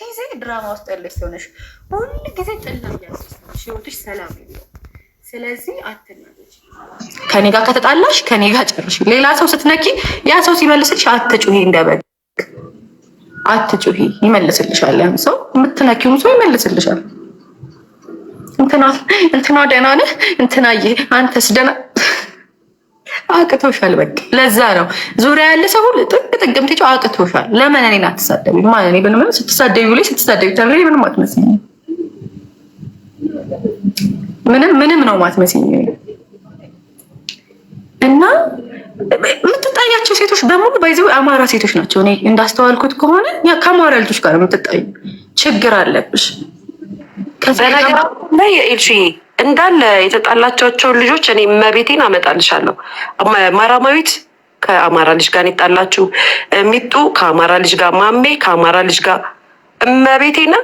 ጊዜ ድራማ ውስጥ ያለች ሲሆነሽ ሁሉ ጊዜ ጥላ ያስ ህይወትሽ ሰላም ስለዚህ አትናለች። ከኔ ጋር ከተጣላሽ ከኔ ጋር ጨርሽ። ሌላ ሰው ስትነኪ ያ ሰው ሲመልስልሽ አትጩሂ፣ እንደበግ አትጩሂ። ይመልስልሻል። ያን ሰው የምትነኪውም ሰው ይመልስልሻል። እንትና ደህና ነህ፣ እንትናዬ አንተስ ደህና አቅቶሻል። በቃ ለዛ ነው ዙሪያ ያለ ሰው ሁሉ ጥግ ጥግም ትጪው አቅቶሻል። ለምን እኔን አትሳደቢ? ማን እኔ ብንም ስትሳደቢ ብሎ ስትሳደቢ ተብሎ ምንም አትመስኝ፣ ምንም ምንም ነው ማትመስኝ እና የምትጣያቸው ሴቶች በሙሉ ባይዘ አማራ ሴቶች ናቸው። እኔ እንዳስተዋልኩት ከሆነ ከአማራ ልጆች ጋር የምትጣዩ ችግር አለብሽ። ላይ እንዳለ የተጣላቸዋቸውን ልጆች እኔ መቤቴን አመጣልሻለሁ። ማራማዊት ከአማራ ልጅ ጋር የጣላችሁ ሚጡ ከአማራ ልጅ ጋር፣ ማሜ ከአማራ ልጅ ጋር እመቤቴና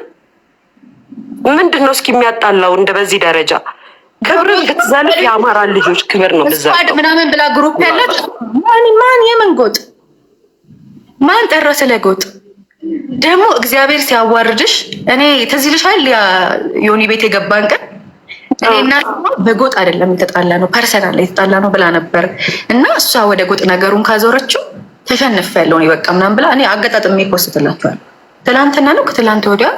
ምንድን ነው እስኪ የሚያጣላው? እንደ በዚህ ደረጃ ክብር ብትዘልፍ የአማራ ልጆች ክብር ነው ብዛድ ምናምን ብላ ግሩፕ ያለት ማን ማን የምን ጎጥ ማን ጠረ ስለ ጎጥ ደግሞ እግዚአብሔር ሲያዋርድሽ እኔ ተዚህ ልሻል ያ ዮኒ ቤት የገባን ቀን እኔና በጎጥ አይደለም የተጣላ ነው ፐርሰናል የተጣላ ነው ብላ ነበር እና እሷ ወደ ጎጥ ነገሩን ካዞረችው ተሸንፍ ያለው ነው በቃ ምናምን ብላ እኔ አገጣጥሜ ፖስትላቸዋል። ትላንትና ነው ከትላንት ወዲያ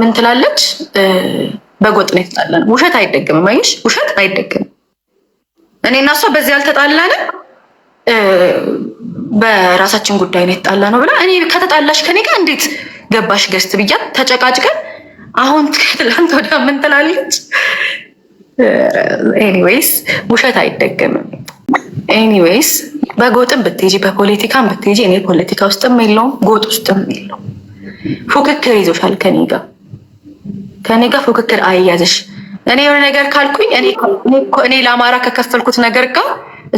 ምን ትላለች? በጎጥ ነው የተጣላ ነው። ውሸት አይደገምም። አየሽ፣ ውሸት አይደገምም። እኔ እና እሷ በዚህ አልተጣላንም፣ በራሳችን ጉዳይ ነው የተጣላ ነው ብላ እኔ ከተጣላሽ ከኔ ጋር እንዴት ገባሽ ገስት ብያት ተጨቃጭቀን አሁን ትላንት ወደ ምን ትላለች? ኤኒዌይስ ውሸት አይደገምም። ኤኒዌይስ በጎጥም ብትሄጂ በፖለቲካም ብትሄጂ እኔ ፖለቲካ ውስጥም የለውም ጎጥ ውስጥም የለውም። ፉክክር ይዞሻል ከኔ ጋር ከኔ ጋር ፉክክር አያዝሽ። እኔ የሆነ ነገር ካልኩኝ እኔ ለአማራ ከከፈልኩት ነገር ጋር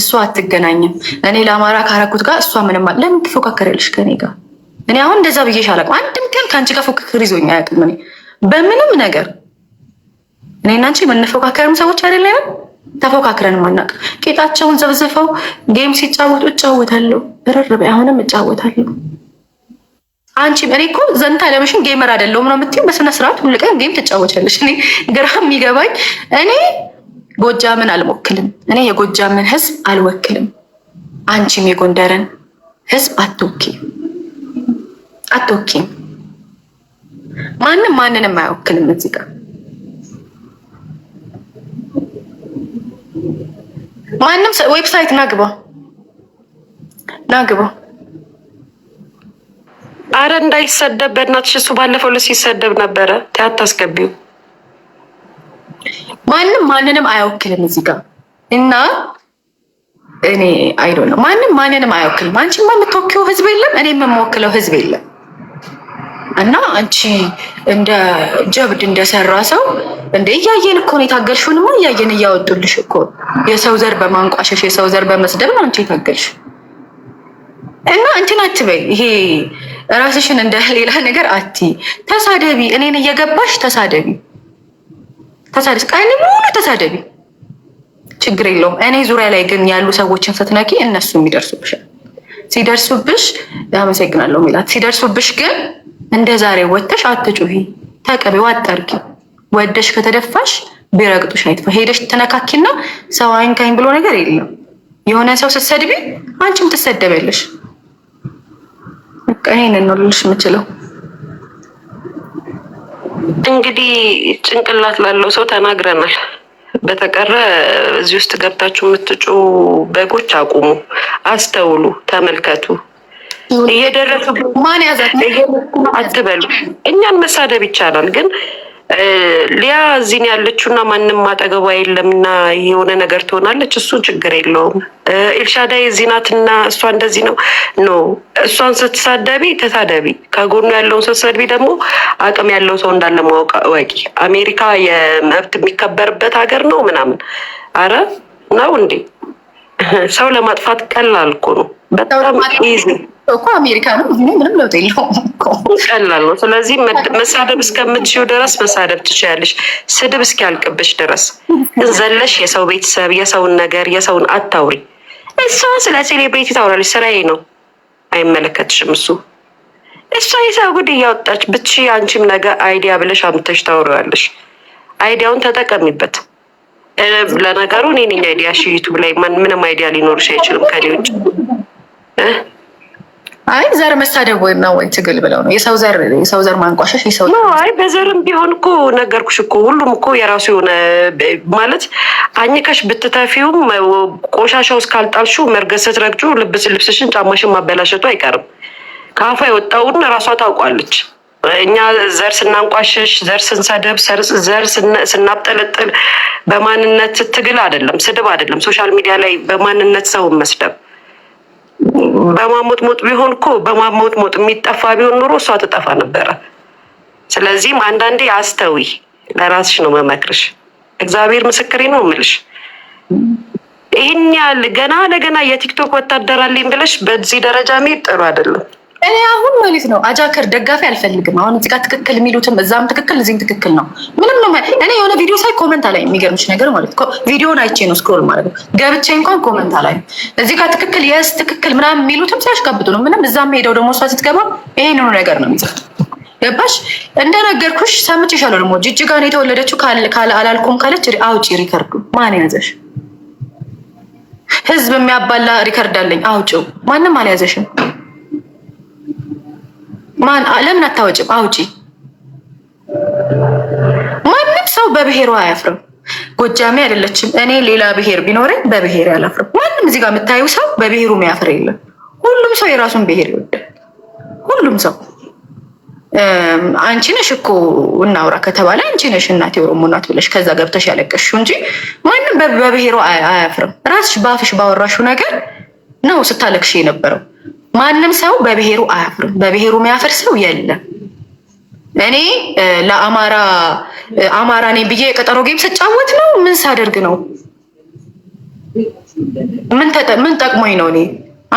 እሷ አትገናኝም። እኔ ለአማራ ካረኩት ጋር እሷ ምንም ለምን ትፎካከሪያለሽ ከኔ ጋር? እኔ አሁን እንደዛ ብዬሽ አላውቅም። አንድም ቀን ከአንቺ ጋር ፉክክር ይዞኝ አያውቅም እኔ በምንም ነገር እኔ እና የምንፎካከርም ሰዎች አይደለንም። ተፎካክረን ማናቅ ጌጣቸውን ዘብዝፈው ጌም ሲጫወቱ እጫወታለሁ፣ ረረበ አሁንም እጫወታለሁ። አንቺ እኔ እኮ ዘንታ ለመሽን ጌመር አይደለሁም ነው የምትይው። በስነ ስርዓት ሁሉ ቀን ጌም ትጫወቻለሽ። እኔ ግራ የሚገባኝ እኔ ጎጃምን አልሞክልም። እኔ የጎጃምን ህዝብ አልወክልም። አንቺም የጎንደርን ህዝብ አትወኪም አትወኪም። ማንም ማንንም አይወክልም እዚህ ጋር ማንም ዌብሳይት ናግባ ናግባ። አረ እንዳይሰደብ በእናትሽ እሱ ባለፈው ዕለት ሲሰደብ ነበረ። አታስገቢው። ማንም ማንንም አይወክልም እዚህ ጋር እና እኔ አይዶ ነው። ማንም ማንንም አይወክልም። አንቺማ የምትወኪው ህዝብ የለም፣ እኔ የምወክለው ህዝብ የለም። እና አንቺ እንደ ጀብድ እንደሰራ ሰው እንደ እያየን እኮ ነው የታገልሽውንማ፣ እያየን እያወጡልሽ እኮ የሰው ዘር በማንቋሸሽ የሰው ዘር በመስደብ ነው አንቺ የታገልሽ እና እንትን አትበይ። ይሄ ራስሽን እንደ ሌላ ነገር አቲ ተሳደቢ፣ እኔን እየገባሽ ተሳደቢ፣ ተሳደቢ፣ ቀን ሙሉ ተሳደቢ፣ ችግር የለውም። እኔ ዙሪያ ላይ ግን ያሉ ሰዎችን ስትነኪ እነሱ የሚደርሱብሻል። ሲደርሱብሽ አመሰግናለሁ ሚላት ሲደርሱብሽ ግን እንደ ዛሬ ወጥተሽ አትጩሂ፣ ተቀቢው አጠርጊ። ወደሽ ከተደፋሽ ቢረግጡሽ አይጥፋ። ሄደሽ ተነካኪና ሰው አይንካኝ ብሎ ነገር የለም። የሆነ ሰው ስትሰድቢ አንቺም ትሰደበለሽ። በቃ ነው ልልሽ የምችለው። እንግዲህ ጭንቅላት ላለው ሰው ተናግረናል። በተቀረ እዚህ ውስጥ ገብታችሁ የምትጩ በጎች አቁሙ፣ አስተውሉ፣ ተመልከቱ። እየደረሱ ማን ያዛት አትበሉ። እኛን መሳደብ ይቻላል፣ ግን ሊያ እዚህን ያለችውና ማንም አጠገቧ የለምና የሆነ ነገር ትሆናለች። እሱን ችግር የለውም። ኤልሻዳይ እዚህ ናትና እሷ እንደዚህ ነው ኖ እሷን ስትሳደቢ ተሳደቢ፣ ከጎኑ ያለውን ስትሰድቢ ደግሞ አቅም ያለው ሰው እንዳለ ማወቅ ወቂ። አሜሪካ የመብት የሚከበርበት ሀገር ነው ምናምን አረ ነው እንዴ ሰው ለማጥፋት ቀላል እኮ ነው። በጣም ኢዚ እኮ አሜሪካ ነው። ምንም ለውጥ የለውም ቀላል ነው። ስለዚህ መሳደብ እስከምትችው ድረስ መሳደብ ትችያለሽ፣ ስድብ እስኪያልቅብሽ ድረስ ዘለሽ የሰው ቤተሰብ፣ የሰውን ነገር፣ የሰውን አታውሪ። እሷ ስለ ሴሌብሬቲ ታውራለች፣ ስራዬ ነው፣ አይመለከትሽም እሱ እሷ የሰው ጉድ እያወጣች ብቻ አንቺም ነገ አይዲያ ብለሽ አምተሽ ታውሪዋለሽ። አይዲያውን ተጠቀሚበት። ለነገሩ እኔ ነኝ አይዲያ እሺ። ዩቱብ ላይ ምንም አይዲያ ሊኖርሽ አይችልም ከኔ ውጭ። አይ ዘር መሳደብ ወይ ነው ወይ ትግል ብለው ነው የሰው ዘር የሰው ዘር ማንቋሸሽ የሰው ነው። አይ በዘርም ቢሆን እኮ ነገርኩሽ እኮ ሁሉም እኮ የራሱ የሆነ ማለት አኝከሽ ብትተፊውም ቆሻሻው እስካልጣልሽው መርገስ ስትረግጩ ልብስሽን ጫማሽን ማበላሸቱ አይቀርም። ከአፏ የወጣውን ራሷ ታውቋለች። እኛ ዘር ስናንቋሸሽ፣ ዘር ስንሰድብ፣ ዘር ስናብጠለጥል በማንነት ትግል አይደለም፣ ስድብ አይደለም። ሶሻል ሚዲያ ላይ በማንነት ሰው መስደብ በማሞጥሞጥ ቢሆን እኮ በማሞጥሞጥ የሚጠፋ ቢሆን ኑሮ እሷ ትጠፋ ነበረ። ስለዚህም አንዳንዴ አስተዊ፣ ለራስሽ ነው መመክርሽ። እግዚአብሔር ምስክሬ ነው ምልሽ ይህን ያህል ገና ለገና የቲክቶክ ወታደር አለኝ ብለሽ በዚህ ደረጃ መሄድ ጥሩ አይደለም። እኔ አሁን ማለት ነው አጃከር ደጋፊ አልፈልግም። አሁን እዚህ ጋር ትክክል የሚሉትም እዛም ትክክል እዚህም ትክክል ነው። ምንም ነው እኔ የሆነ ቪዲዮ ሳይ ኮመንት አላይ። የሚገርምሽ ነገር ማለት ቪዲዮን አይቼ ነው ስክሮል ማለት ነው ገብቼ እንኳን ኮመንት አላይ። እዚህ ጋር ትክክል የስ ትክክል ምናምን የሚሉትም ሲያሽጋብጡ ነው። ምንም እዛም ሄደው ደግሞ እሷ ስትገባ ይሄንኑ ነገር ነው የሚጽፉት። ገባሽ? እንደነገርኩሽ ሰምቼሻለሁ። ደግሞ ጅጅጋ ነው የተወለደችው አላልኩም ካለች አውጪ ሪከርዱ ማን ያዘሽ? ህዝብ የሚያባላ ሪከርድ አለኝ አውጪው። ማንም አልያዘሽም። ማን ለምን አታወጭም? አውጪ። ማንም ሰው በብሔሩ አያፍርም። ጎጃሜ አይደለችም። እኔ ሌላ ብሔር ቢኖረኝ በብሔር አላፍርም። ማንም እዚህ ጋር የምታዩ ሰው በብሔሩ የሚያፍር የለም። ሁሉም ሰው የራሱን ብሔር ይወዳል። ሁሉም ሰው አንቺ ነሽ እኮ እናውራ ከተባለ አንቺ ነሽ እናቴ ኦሮሞ ናት ብለሽ ከዛ ገብተሽ ያለቀሽው እንጂ ማንም በብሔሩ አያፍርም። ራስሽ በአፍሽ ባወራሽው ነገር ነው ስታለቅሽ የነበረው። ማንም ሰው በብሔሩ አያፍርም። በብሔሩ የሚያፍር ሰው የለም። እኔ ለአማራ አማራ ነኝ ብዬ የቀጠሮ ጌም ስጫወት ነው ምን ሳደርግ ነው ምን ምን ጠቅሞኝ ነው? እኔ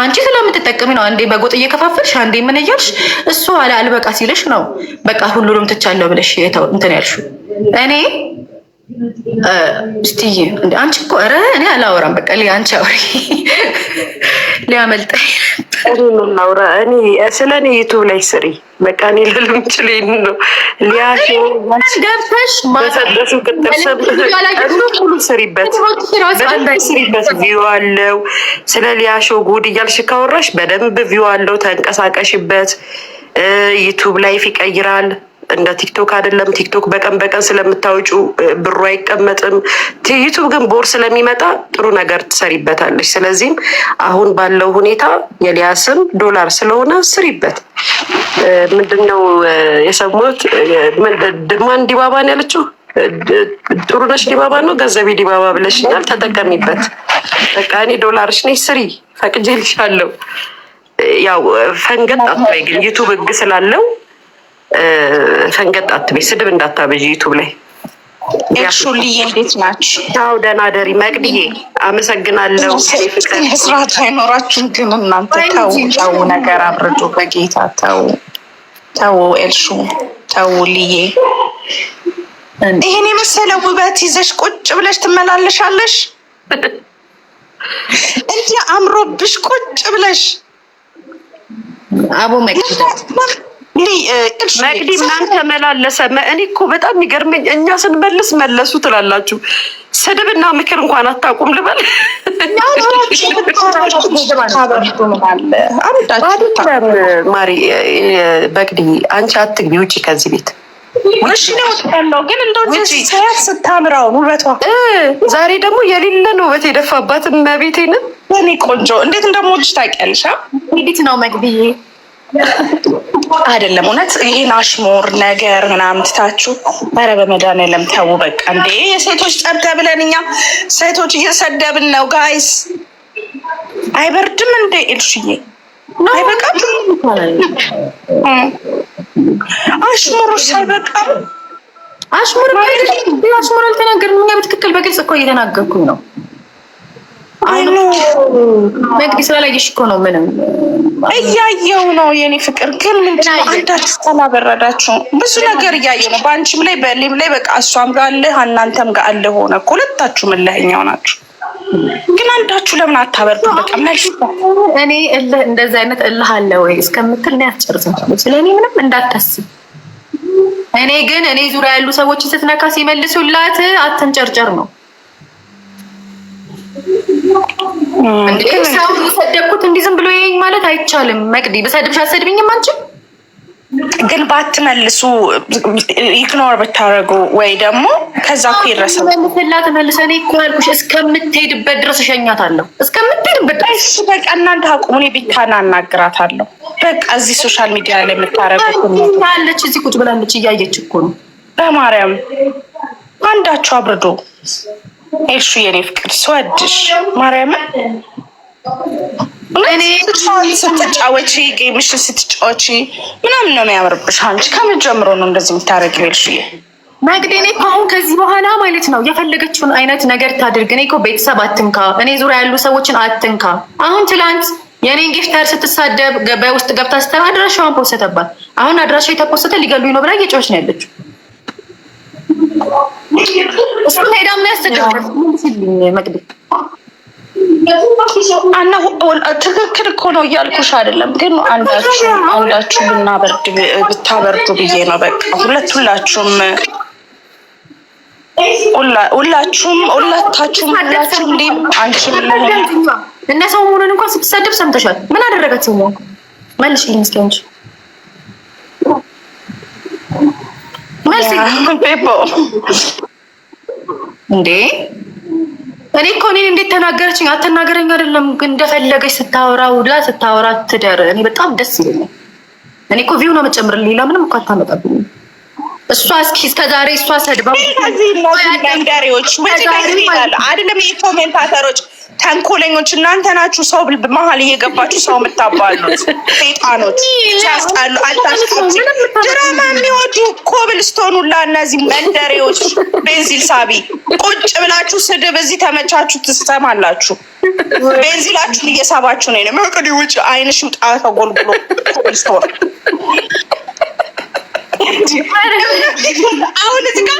አንቺ ስለምትጠቀሚ ነው። አንዴ በጎጥ እየከፋፈልሽ፣ አንዴ ምን እያልሽ እሱ አለ አልበቃ ሲልሽ ነው በቃ ሁሉንም ትቻለሁ ብለሽ እንትን ያልሽው እኔ እስኪ አንቺ እኮ ኧረ እኔ አላወራም። በቃ ሊ አንቺ አውሪ፣ ሊያመልጠኝ እኔ ምን እኔ ስለ እኔ ዩቱብ ላይ ስሪ። በቃ እኔ ልል ምችል ነው ሊያገብተሽ በሰጠሱ ቅጥርስብ ስሪበት፣ በደንብ ስሪበት። ቪው አለው። ስለ ሊያሾ ጉድ እያልሽ ካወራሽ በደንብ ቪው አለው። ተንቀሳቀሽበት። ዩቱብ ላይፍ ይቀይራል። እንደ ቲክቶክ አይደለም። ቲክቶክ በቀን በቀን ስለምታወጩ ብሩ አይቀመጥም። ዩቱብ ግን ቦር ስለሚመጣ ጥሩ ነገር ትሰሪበታለች። ስለዚህም አሁን ባለው ሁኔታ የሊያ ስም ዶላር ስለሆነ ስሪበት። ምንድነው የሰሙት? ማን ዲባባን ያለችው? ነሽ ዲባባ ነው። ገንዘቤ ዲባባ ብለሽኛል፣ ተጠቀሚበት። በቃ እኔ ዶላርሽ ስሪ፣ ፈቅጄልሻለሁ። ያው ፈንገጥ አትበይ፣ ግን ዩቱብ ህግ ስላለው ፈንገጥ አትቤ ስድብ እንዳታበዥ ዩቱብ ላይ ሹልዬ እንዴት ናችሁ? ያው ደህና ደሪ መቅድዬ አመሰግናለሁ። ስርዓት አይኖራችሁ ግን እናንተ ተው ተው፣ ነገር አብርዱ። በጌታ ተው ተው፣ ኤልሹ ተው፣ ልዬ ይህን የመሰለ ውበት ይዘሽ ቁጭ ብለሽ ትመላለሻለሽ። እንዲህ አምሮብሽ ቁጭ ብለሽ አቦ መቅድ መቅዲ ምናምን ተመላለሰ። እኔ እኮ በጣም የሚገርመኝ እኛ ስንመልስ መለሱ ትላላችሁ፣ ስድብና ምክር እንኳን አታውቁም ልበል። ማሪ በቅዲ አንቺ አትግቢ ውጭ ከዚህ ቤት ስታምራው ውበቷ ዛሬ ደግሞ የሌለ ነው ውበት የደፋባት መቤቴን ቆንጆ እንዴት እንደሞች ታውቂያለሽ። እንዴት ነው መግቢዬ አይደለም እውነት ይህን አሽሙር ነገር ምናምን ትታችሁ ኧረ በመድኃኒዓለም ተው በቃ እንዴ የሴቶች ጠርተ ብለን እኛ ሴቶች እየሰደብን ነው ጋይስ አይበርድም እንደ ኤልሽዬ አይበቃም አሽሙር ሳይበቃም አሽሙር አሽሙር አልተናገርም እኛ በትክክል በግልጽ እኮ እየተናገርኩኝ ነው መቅዲስ ስላላየሽ እኮ ነው። ምንም እያየው ነው የኔ ፍቅር። ግን ምንድነው አንዳች አላበረዳችሁም? ብዙ ነገር እያየ ነው። በአንቺም ላይ በሌም ላይ በቃ እሷም ጋር አለ እናንተም ጋር አለ ሆነ ሁለታችሁ ሁለታችሁም ናችሁ። ግን አንዳችሁ ለምን አታበርዱ? በቀመሽ እኔ እልህ እንደዚህ አይነት እልህ አለ ወይ እስከምትል እኔ አትጨርሳችሁም። ስለ እኔ ምንም እንዳታስብ። እኔ ግን እኔ ዙሪያ ያሉ ሰዎችን ስትነካ ሲመልሱላት አትንጨርጨር ነው ሰው የሰደብኩት እንዲህ ዝም ብሎ ይሄኝ ማለት አይቻልም። መቅዲ በሰድብሽ አሰድብኝም አንችል ግን ባትመልሱ ኢግኖር ብታደረጉ ወይ ደግሞ ከዛ እኮ መልሰ እኔ እኮ ያልኩሽ እስከምትሄድበት ድረስ እሸኛታለሁ። እስከምትሄድበት ድረስ በቃ እናንተ አቁሙ። እኔ ቤታን አናግራታለሁ። በቃ እዚህ ሶሻል ሚዲያ ላይ የምታደረጉትለች እዚህ ቁጭ ብላለች እያየች እኮ ነው። በማርያም አንዳችሁ አብርዶ እሺ የኔ ፍቅር ስወድሽ ማርያምን ስትጫወቺ ጌምሽን ስትጫወቺ ምናምን ነው የሚያምርብሽ። አንቺ ከምን ጀምሮ ነው እንደዚህ የምታደርጊው? ኤልሽዬ መግደኔ እኮ አሁን ከዚህ በኋላ ማለት ነው የፈለገችውን አይነት ነገር ታድርግ። እኔ እኮ ቤተሰብ አትንካ፣ እኔ ዙሪያ ያሉ ሰዎችን አትንካ። አሁን ትላንት የኔን ጊፍተር ስትሳደብ በውስጥ ገብታ ስተር አድራሻዋን ፖስተባት። አሁን አድራሻ የተፖሰተ ሊገሉኝ ነው ብላ እየጮች ነው ያለችው። እሱን ሄዳ ምን ያስቸግራል? መቅዲ ትክክል እኮ ነው እያልኩሽ አይደለም፣ ግን አንዳችሁ አንዳችሁ ብናበርድ ብታበርዱ ብዬ ነው። በቃ ሁለት ሁላችሁም ሁላችሁም ሁላታችሁም ሁላችሁም ሊም አንቺም እነ ሰው ሰሞኑን እንኳን ስትሰድብ ሰምተሻል። ምን አደረገት ሰሞኑን? መልሽልኝ እስኪ አንቺ እንዴ እኔ እኮ እኔን እንዴት ተናገረችኝ? አትናገረኝ አይደለም ግን እንደፈለገች ስታወራ ውላ ስታወራ ትደር። እኔ በጣም ደስ ይለኛል። እኔ እኮ ቪው ነው መጨምርልኝ፣ ሌላ ምንም እኮ አታመጣብኝ። እሷ እስኪ እስከ ዛሬ እሷ ሰድባ ዛሬዎች አይደለም የኮሜንታተሮች ተንኮለኞች እናንተ ናችሁ። ሰው መሀል እየገባችሁ ሰው የምታባሉት ሴጣኖች ሲያስጣሉ አልታስታችሁ ድራማ የሚወዱ ኮብል ስቶኑላ እነዚህ መንደሬዎች ቤንዚል ሳቢ ቁጭ ብላችሁ ስድብ እዚህ ተመቻችሁ ትሰማላችሁ። ቤንዚላችሁን እየሳባችሁ ነው። መቅዲ ውጭ አይንሽ ውጣ ተጎልጉሎ ኮብል ስቶን አሁን እዚህ ጋር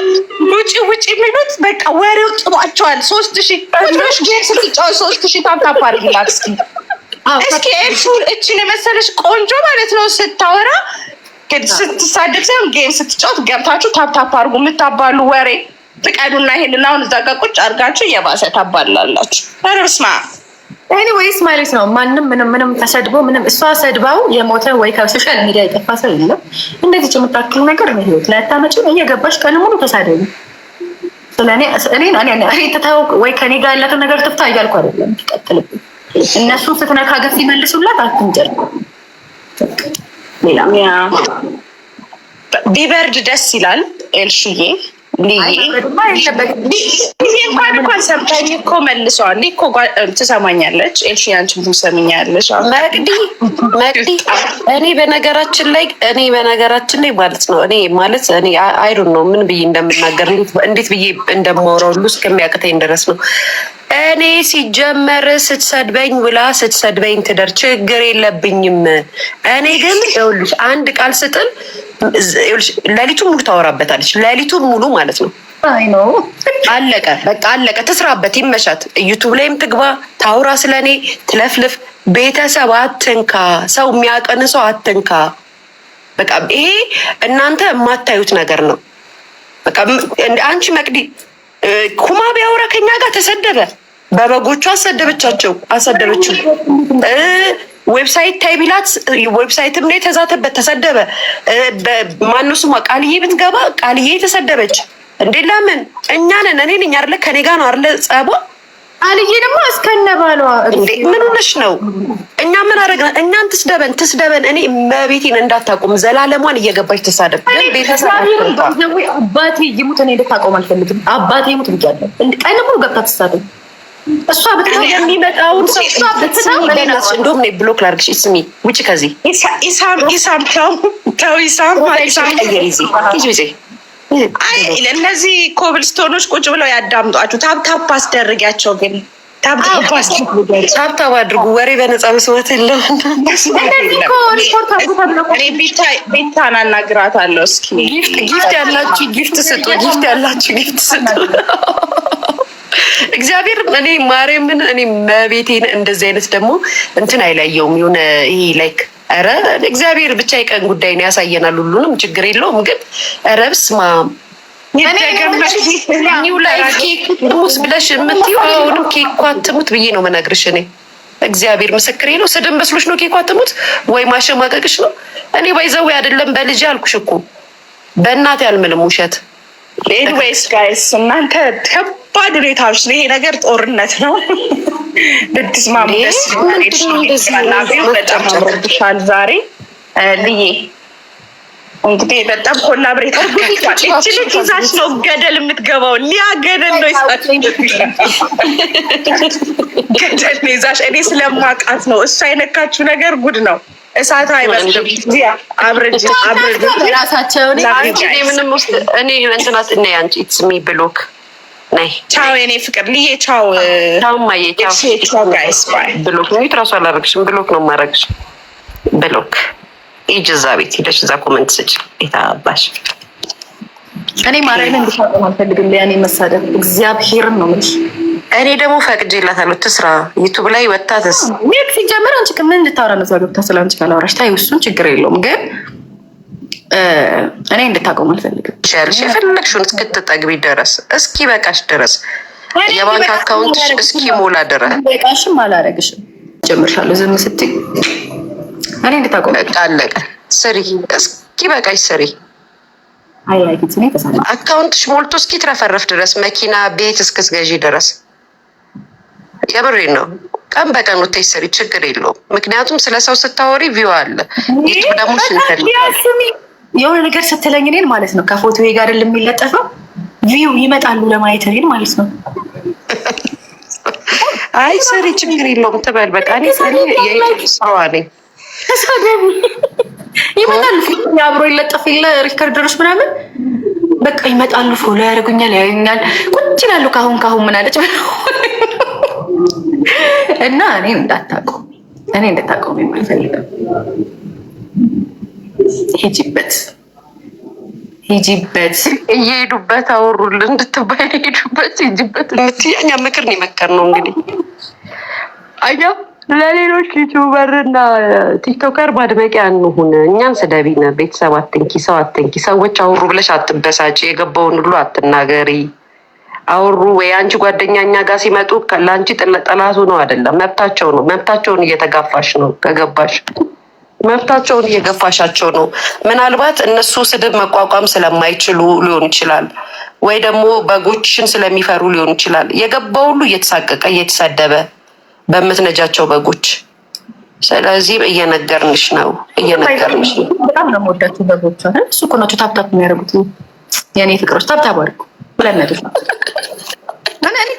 ውጪ ውጪ የሚሉት በቃ ወሬው ጥቧቸዋል። ሶስት ሺህ ቁጭ ጌር ስትጫወት ሶስት ሺህ ታምታፓ አድርጊላት እስኪ እስኪ ኤልፉል እችን የመሰለች ቆንጆ ማለት ነው ስታወራ ስትሳደግ ሳይሆን ጌም ስትጫወት ገብታችሁ ታፕታፕ አድርጉ የምታባሉ ወሬ ፍቀዱና ይሄንን አሁን እዛ ጋ ቁጭ አድርጋችሁ እየባሰ ታባላላችሁ። ኧረ በስመ አብ ኤኒዌይስ ማለት ነው። ማንም ምንም ምንም ተሰድቦ ምንም እሷ ሰድባው የሞተ ወይ ከሶሻል ሚዲያ የጠፋ ሰው የለም። እንደዚህ ጭምታክል ነገር ነው ህይወት ላይ አታመጪም። እየገባሽ ቀን ሙሉ ተሳደቢ። ወይ ከኔ ጋር ያለትን ነገር ትፍታ እያልኩ አይደለም። ትቀጥልብኝ እነሱ ፍትነካ ገፍ ይመልሱላት አትንጀል። ሌላ ቢበርድ ደስ ይላል ኤልሽዬ እንኳን እንኳን ሰምታኝ እኮ መልሰዋል እኮ ትሰማኛለች። ኤልሺ አንቺም መቅዲ መቅዲ እኔ በነገራችን ላይ እኔ በነገራችን ላይ ማለት ነው እኔ ማለት እኔ አይዱን ነው ምን ብዬ እንደምናገር እንዴት ብዬ እንደማወራው ሁሉ እስከሚያቅተኝ ድረስ ነው እኔ ሲጀመር ስትሰድበኝ ውላ ስትሰድበኝ ትደር ችግር የለብኝም። እኔ ግን ይኸውልሽ አንድ ቃል ስጥል ሌሊቱን ሙሉ ታወራበታለች። ሌሊቱን ሙሉ ማለት ነው። አለቀ በቃ አለቀ። ትስራበት፣ ይመሻት። ዩቱብ ላይም ትግባ፣ ታውራ፣ ስለ እኔ ትለፍልፍ። ቤተሰብ አትንካ፣ ሰው የሚያቀን ሰው አትንካ። በቃ ይሄ እናንተ የማታዩት ነገር ነው። በቃ አንቺ መቅዲ ኩማ ቢያወራ ከኛ ጋር ተሰደበ። በበጎቹ አሰደበቻቸው አሰደበችው። ዌብሳይት ታይ ቢላት ዌብሳይትም ላይ ተዛተበት ተሰደበ። ማነው ስሟ ቃልዬ ብትገባ ቃልዬ ተሰደበች። እንዴ ለምን እኛ ነን እኔ ነኝ አለ ከኔ ጋር ነው አለ ጸቧ አልዬ ደግሞ እስከነ ባሏ ምን ሆነሽ ነው? እኛ ምን አደረግን? እኛን ትስደበን ትስደበን። እኔ መቤቴን እንዳታቆም ዘላለሟን እየገባች ትሳደብ። አባቴ ይሙት እኔ ልታቆም አልፈልግም። አባቴ ይሙት ብያለሁ። ቀን ሙሉ ገብታ ትሳደብ። እሷ የሚመጣውን እንደውም ብሎክ ላርግሽ። ስሚ ውጭ ከዚህ ኢሳም ኢሳም ተው ተው ኢሳም እነዚህ ኮብልስቶኖች ቁጭ ብለው ያዳምጧችሁ። ታብታብ አስደርጊያቸው ግን ታብታብ አድርጉ። ወሬ በነፃ መስማት የለውም። ቤታን አናግራታለሁ። እስኪ ጊፍት ያላችሁ ጊፍት ስጡ፣ ጊፍት ያላችሁ ጊፍት ስጡ። እግዚአብሔር እኔ ማርያምን እኔ መቤቴን እንደዚህ አይነት ደግሞ እንትን አይለየውም የሆነ ይሄ ላይክ ረ እግዚአብሔር ብቻ የቀን ጉዳይ ነው ያሳየናል። ሁሉንም ችግር የለውም ግን ረብስ ማ ኒው ላይፍ ኬክ ትሙት ብለሽ የምትይው አሁንም ኬኳ ትሙት ብዬ ነው መናግርሽ። እኔ እግዚአብሔር ምስክሬ ነው። ስድብ መስሎሽ ነው ኬኳ ትሙት ወይ ማሸማቀቅሽ ነው። እኔ ባይዘው አይደለም በልጅ አልኩሽ እኮ በእናቴ አልምልም ውሸት ኤኒዌይስ ጋይስ እናንተ ከባድ ሁኔታ ውስጥ ይሄ ነገር ጦርነት ነው። ብትስማሙ ደስ በጣም ጨርሻል ዛሬ ልዬ እንግዲህ በጣም ኮላብሬት ችልጅ ይዛች ነው ገደል የምትገባው። ሊያ ገደል ነው ይዛች ገደል ነው ይዛች። እኔ ስለማውቃት ነው እሱ አይነካችሁ ነገር ጉድ ነው። እሳት ምንም ውስጥ እኔ እንትናት እና አንቺ ስሚ ብሎክ ነይ ቻው፣ የኔ ፍቅር ልዬ ቻው፣ ብሎክ ነው አላረግሽም። ብሎክ ነው የማረግሽ። ብሎክ ሂጅ፣ እዛ ቤት ሄደሽ እዛ ኮመንት ስጭ። የታባሽ እኔ ማርያምን እንድታቆም አልፈልግም። ያኔ መሳደብ እግዚአብሔርን ነው ምች እኔ ደግሞ ፈቅጄላታለሁ ትስራ ዩቱብ ላይ ወታትስ ሜክ ሲጀምር አንቺ ምን እንድታወራ ነዛ ገብታ ስለ አንቺ ካላወራሽ ታይ እሱን ችግር የለውም ግን እኔ እንድታቆም አልፈልግም። ይሻልሽ የፈለግሽውን እስክትጠግቢ ድረስ እስኪ በቃሽ ድረስ የባንክ አካውንትሽ እስኪ ሞላ ድረስ በቃሽም አላረግሽም ጀምርሻለሁ። ዝም ስትይ እኔ እንድታቆም አለቀ። ስሪ እስኪ በቃሽ ስሪ አካውንትሽ ሞልቶ እስኪ ትረፈረፍ ድረስ መኪና ቤት እስክስገዢ ድረስ የብሬ ነው። ቀን በቀን ውጤት ሰሪ ችግር የለውም። ምክንያቱም ስለ ሰው ስታወሪ ቪው አለ ዩቱብ ደግሞ የሆነ ነገር ስትለኝ እኔን ማለት ነው ከፎቶ ጋር የሚለጠፈው ቪው ይመጣሉ ለማየት እኔን ማለት ነው። አይ ሰሪ ችግር የለውም ትበል በቃ እኔ ሰሪ የዩቱብ ስራዋ ነኝ። ይመጣሉ አብሮ ይለጠፍ የለ ሪከርደሮች ምናምን በቃ ይመጣሉ። ፎሎ ያደርጉኛል፣ ያዩኛል። ቁጭ ይላሉ። ካሁን ካሁን ምናለች እና እኔ እንዳታቆሚ እኔ እንዳታቆሚ አልፈልግም። ሂጂበት ሂጂበት እየሄዱበት አወሩልን እንድትባይ ሄዱበት ሂጂበት እኛ ምክር ነው የመከር ነው እንግዲህ አያ ለሌሎች እና ቲክቶከር ማድመቂያ እንሁን። እኛን ስደቢነ ቤተሰብ አትንኪ፣ ሰው አትንኪ፣ ሰዎች አውሩ ብለሽ አትበሳጭ። የገባውን ሁሉ አትናገሪ። አወሩ ወይ አንቺ ጓደኛ ጓደኛኛ ጋር ሲመጡ ለአንቺ ጠላቱ ነው አይደለም፣ መብታቸው ነው። መብታቸውን እየተጋፋሽ ነው። ከገባሽ መብታቸውን እየገፋሻቸው ነው። ምናልባት እነሱ ስድብ መቋቋም ስለማይችሉ ሊሆን ይችላል፣ ወይ ደግሞ በጎችን ስለሚፈሩ ሊሆን ይችላል። የገባ ሁሉ እየተሳቀቀ እየተሰደበ በምትነጃቸው በጎች። ስለዚህ እየነገርንሽ ነው፣ እየነገርንሽ ነው። በጣም ነው የምወዳቸው በጎች። እሱ እኮ ናቸው ታብታብ የሚያደርጉት የኔ ፍቅሮች። ታብታብ አድርጉ ሁለት ነጥብ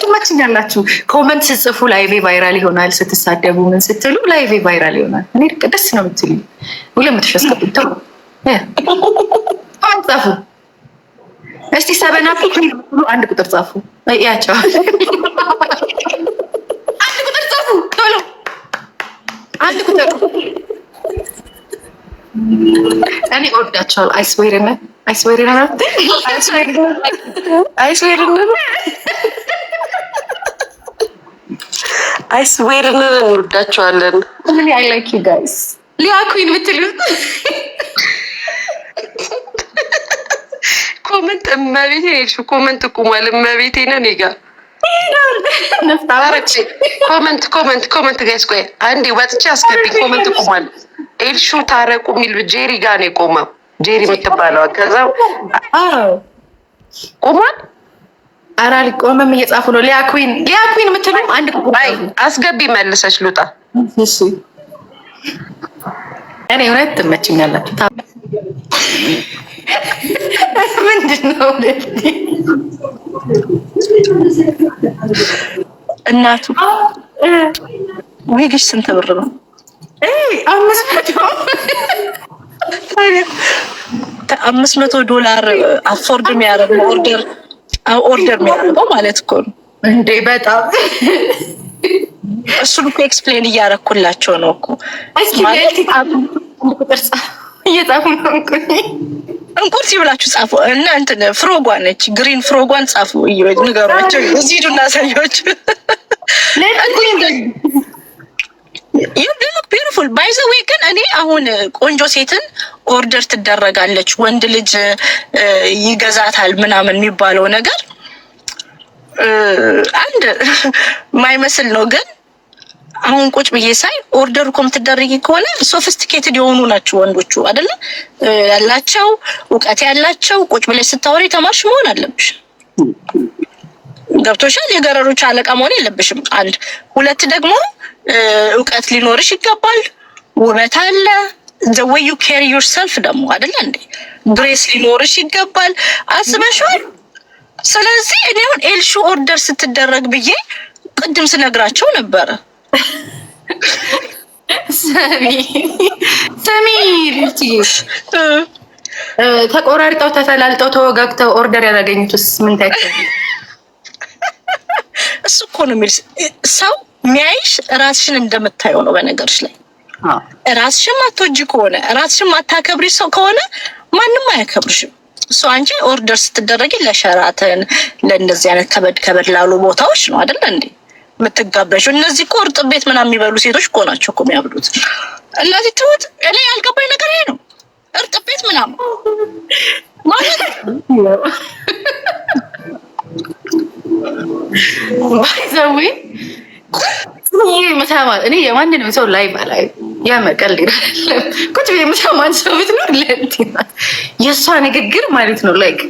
ትመችኛላችሁ። ኮመንት ስጽፉ ላይቬ ቫይራል ይሆናል፣ ስትሳደቡ ምን ስትሉ ላይቬ ቫይራል ይሆናል። እኔ ደስ ነው የምትሉኝ። ሁሌ የምትሸስከብቶ ኮመንት ጻፉ እስቲ። ሰበና ሁሉ አንድ ቁጥር ጻፉ ያቸው አንድ ቁጥር ጻፉ ቶሎ አንድ ቁጥር እኔ እወዳቸዋለሁ። አይስዌርነ አይስዌርነ አይስዌርነ አይስዌርነ እንወዳቸዋለን። አይ ላይክ ዩ ጋይስ ሊያ ኩዊን ብትሉ ኮመንት እመቤቴ ኮመንት ቁሟል። እመቤቴ ነው እኔ ኮመንት ኮመንት ኮመንት ጋይስ፣ ቆይ አንዴ ወጥቼ አስገቢ። ኮመንት ቆሟል። ኤልሹ ታረቁ የሚል ጄሪ ጋር ነው የቆመው። ጄሪ የምትባለው ከዛው ቆሟል። ኧረ አልቆመም፣ እየጻፉ ነው። ሊያ ኩዊን ሊያ ኩዊን የምትለው አንድ አስገቢ፣ መልሰች ልውጣ። እኔ እውነት ትመችኛላችሁ። ምንድን ነው እናቱ ዊግሽ ስንት ብር ነው? አምስት መቶ ዶላር አፎርድ የሚያደርገው ኦርደር ኦርደር የሚያደርገው ማለት እኮ ነው እንዴ! በጣም እሱን እኮ ኤክስፕሌን እያደረኩላቸው ነው እኮ እየጻፉ ነው። እንቁርቲ ብላችሁ ጻፉ እናንተ ፍሮጓ ነች፣ ግሪን ፍሮጓን ጻፉ። እዩ ንገሯቸው፣ እዚህ ሂዱና ሰዎች ቢዩቲፉል ባይ ዘ ዌይ ግን እኔ አሁን ቆንጆ ሴትን ኦርደር ትደረጋለች ወንድ ልጅ ይገዛታል ምናምን የሚባለው ነገር አንድ ማይመስል ነው ግን አሁን ቁጭ ብዬ ሳይ ኦርደር እኮ የምትደረጊ ከሆነ ሶፊስቲኬትድ የሆኑ ናቸው ወንዶቹ አይደለ ያላቸው እውቀት ያላቸው። ቁጭ ብለሽ ስታወሪ ተማርሽ መሆን አለብሽ። ገብቶሻል። የገረሮች አለቃ መሆን የለብሽም። አንድ ሁለት ደግሞ እውቀት ሊኖርሽ ይገባል። ውበት አለ ዘወይ ዩ ኬሪ ዮርሰልፍ ደግሞ አይደለ እንዴ ግሬስ ሊኖርሽ ይገባል። አስበሽዋል። ስለዚህ እኔ አሁን ኤልሹ ኦርደር ስትደረግ ብዬ ቅድም ስነግራቸው ነበረ ስሚ ተቆራርጠው ተፈላልጠው ተወጋግተው ኦርደር ያላገኙትስ ምን ታይቸው? እሱ እኮ ነው የሚል ሰው ሚያይሽ ራስሽን እንደምታየው ነው። በነገርሽ ላይ ራስሽን ማትወጂ ከሆነ ራስሽን ማታከብሪ ሰው ከሆነ ማንም አያከብርሽም። እሱ አንቺ ኦርደር ስትደረጊ ለሸራተን ለእንደዚህ አይነት ከበድ ከበድ ላሉ ቦታዎች ነው አደለ እንዴ? የምትጋበዥው እነዚህ እኮ እርጥ ቤት ምናምን የሚበሉ ሴቶች እኮ ናቸው እኮ የሚያብሉት እነዚህ ትሁት። እኔ ያልገባኝ ነገር ይሄ ነው። እርጥ ቤት ምናምን ማለት ባይዘዊ ምሳማን እኔ የማንንም ሰው ላይ ባላይ ያመቀል ቁጭ ምሳማን ሰው ቤት ነው ለእንትና የእሷ ንግግር ማለት ነው ላይክ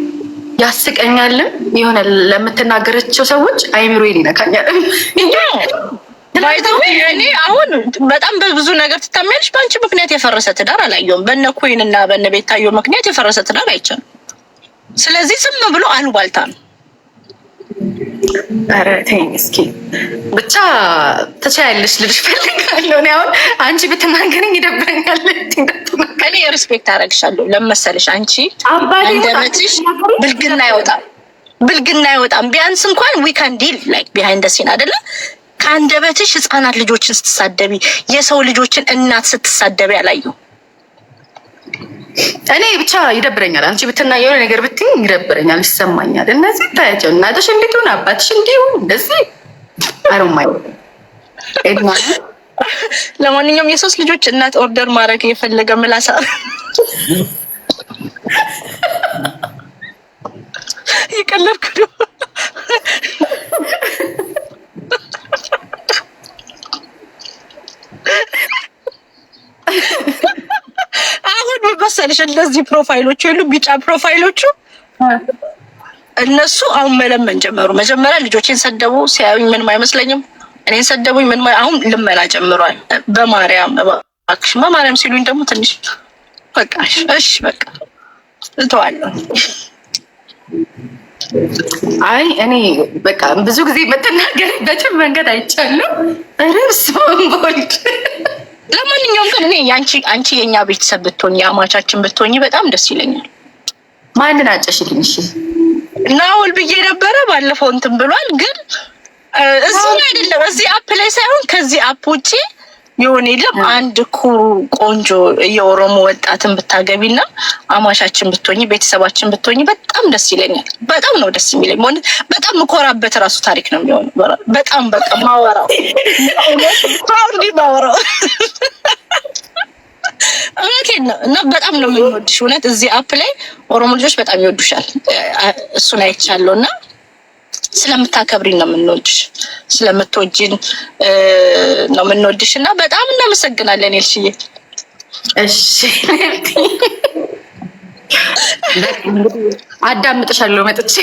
ያስቀኛልም የሆነ ለምትናገረቸው ሰዎች አይምሮ ይነካኛል። አሁን በጣም በብዙ ነገር ትታሚያለሽ። በአንቺ ምክንያት የፈረሰ ትዳር አላየውም። በነ ኮይን እና በነ ቤታዮ ምክንያት የፈረሰ ትዳር አይቻልም። ስለዚህ ዝም ብሎ አልዋልታ ነው። ኧረ ተይኝ እስኪ ብቻ ተቻያለሽ ልልሽ ፈልጋለሁ። እኔ አሁን አንቺ ብትናገረኝ ይደብረኛል። እኔ ሪስፔክት አደርግሻለሁ ለመሰለሽ አንቺ እንደምትሽ ብልግና አይወጣም፣ ብልግና አይወጣም። ቢያንስ እንኳን ዊካን ዲል ላይክ ቢሃይንድ ሲን አይደለም ከአንደበትሽ ህፃናት ልጆችን ስትሳደቢ የሰው ልጆችን እናት ስትሳደቢ አላዩ። እኔ ብቻ ይደብረኛል። አንቺ ብትና የሆነ ነገር ብትይ ይደብረኛል፣ ይሰማኛል። እነዚህ ታያቸው እናቶች እንዲሁን አባትሽ እንዲሁ እንደዚህ አሮማይ ለማንኛውም የሶስት ልጆች እናት ኦርደር ማድረግ የፈለገ ምላሳ እየቀለድኩ ነው። አሁን መሰለሽ እነዚህ ፕሮፋይሎቹ የሉ ቢጫ ፕሮፋይሎቹ እነሱ አሁን መለመን ጀመሩ። መጀመሪያ ልጆቼን ሰደቡ፣ ሲያዩኝ ምንም አይመስለኝም። እኔን ሰደቡኝ፣ ምንም አሁን ልመና ጀምሯል። በማርያም እባክሽ በማርያም ሲሉኝ ደግሞ ትንሽ በቃ እሺ በቃ እተዋለሁ። አይ እኔ በቃ ብዙ ጊዜ የምትናገሪበትን መንገድ አይቻለሁ። ረብሰውን ቦልድ ለማንኛውም ግን እኔ አንቺ የእኛ ቤተሰብ ብትሆኝ የአማቻችን ብትሆኝ በጣም ደስ ይለኛል። ማንን አጨሽልኝ? ናውል ብዬ ነበረ ባለፈው እንትን ብሏል። ግን እዚህ አይደለም እዚህ አፕ ላይ ሳይሆን ከዚህ አፕ ውጭ የሆነ የለም አንድ ኩሩ ቆንጆ የኦሮሞ ወጣትን ብታገቢና አማሻችን ብትሆኝ ቤተሰባችን ብትሆኝ በጣም ደስ ይለኛል። በጣም ነው ደስ የሚለኝ። በጣም ምኮራበት ራሱ ታሪክ ነው የሚሆን። በጣም በቃ ማወራው ፕራውድሊ ማወራው እውነቴን ነው። እና በጣም ነው የሚወድሽ። እውነት። እዚህ አፕ ላይ ኦሮሞ ልጆች በጣም ይወዱሻል። እሱን አይቻለሁ እና ስለምታከብሪን ነው የምንወድሽ፣ ስለምትወጂን ነው የምንወድሽ እና በጣም እናመሰግናለን ኤልሽዬ። እሺ አዳምጥሻለሁ መጥቼ